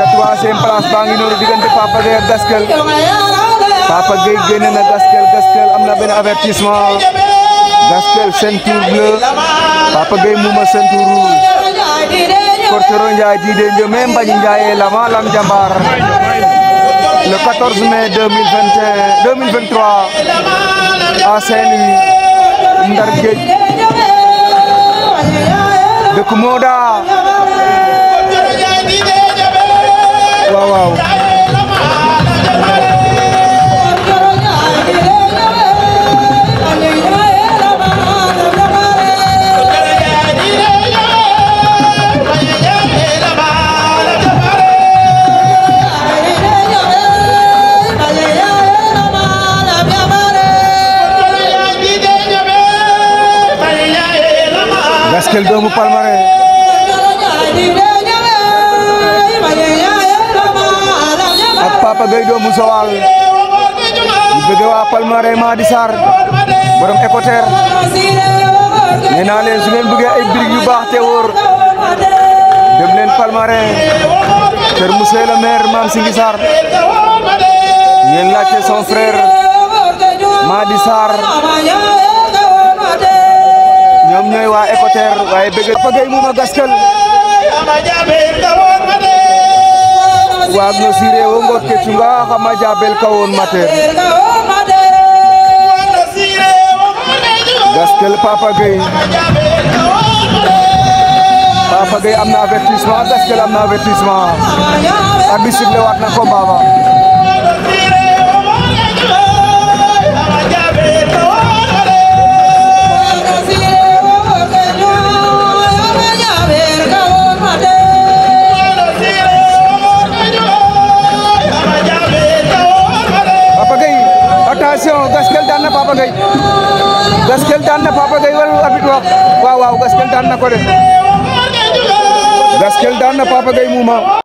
ca troisième place baa Gaskel Gaskel am na benn avertissement Gaskel ceinture bleu Papa Gueye muuma ceinture rouge Kortoro Ndiaye Djidé Ndiaye même Mbagnick Ndiaye Lama Lam Jambar le 14 mai 2021 2023 à saint Moda waaw waaw. Gaskel doomu Palmarin Papa Gueye doomu Sowal di bëgg waa Palmarin Madi Sarr borom Écotaire nee naa leen su ngeen bëggee ay briques yu baax te wóor dem leen Palmarin kër monsieur le maire Mame Singi Sarr ngeen laajte son frère Madi Sarr ñoom ñooy waa Écotaire waaye bëgg Papa Gueye moom a gaskal waagno siire wo ngot ke cunga xama jabel kawoon mater gaskel Papa Gueye Papa Gueye am na avertissement gaskel am na avertissement a bisib le waat na combat ba daan na Papa Gueye Gaskel daan na Papa Gueye wala arbitre wax waaw waaw Gaskel daan na ko de Gaskel daan na Papa Gueye Mouma